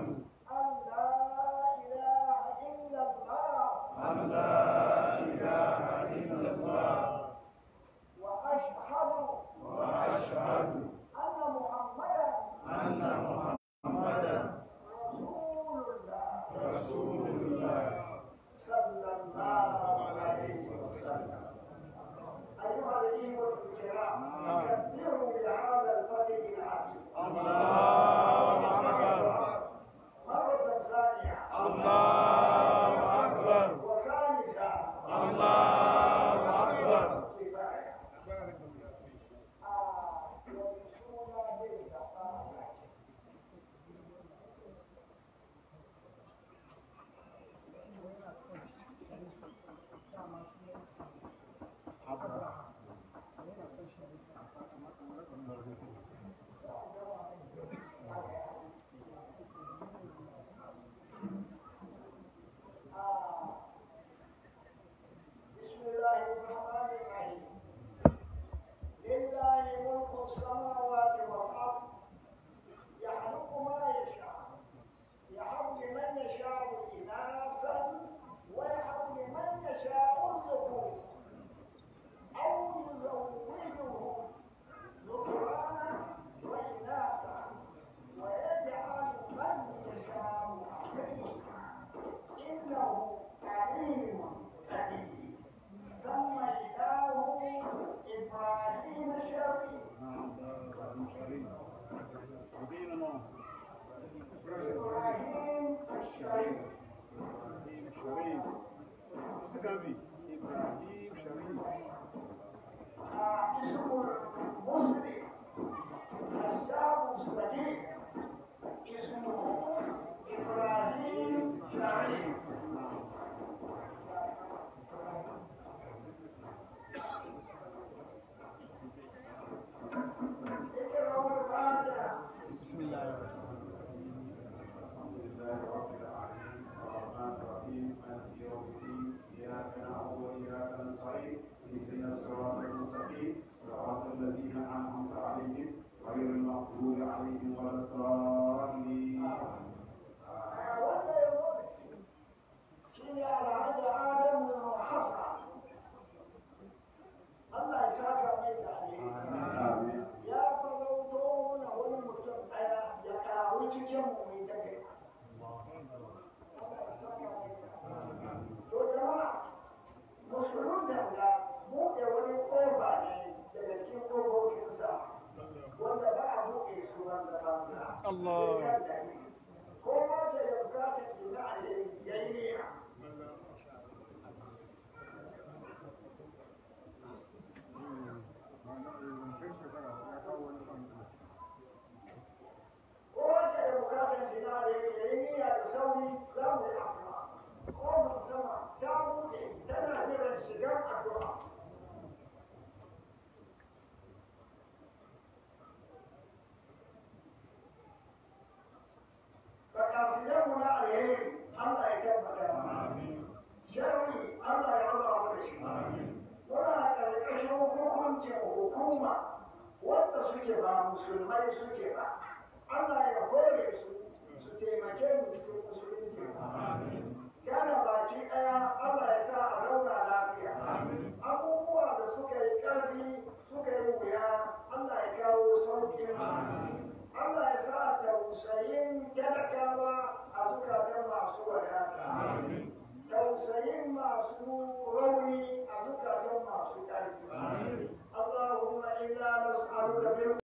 الحمد أن لا إله إلا الله وأشهد وأشهد أن محمدا أن محمدا رسول الله رسول الله صلى الله عليه وسلم أيها الإخوة الكرام كبروا بهذا الفتح العظيم الله Ibrahim, Ibrahim, Ibrahim, الصالحين اهدنا الصراط المستقيم صراط الذين انعمت عليهم غير المغضوب عليهم ولا الضالين Allah ya saka mai da alheri. Ya farauto mana wani mutum ɗaya ya kawo cikin mu mai daga. الله suke ba musulmai suke ba Allah ya hore su su taimake mu cikin musulunci kana baki ɗaya Allah ya sa a zauna lafiya abubuwa da suka yi ƙarfi suka yi wuya Allah ya kawo sauƙi Allah ya sa tausayin talakawa a zukatan masu wadata tausayin masu rauni a zukatan masu ƙarfi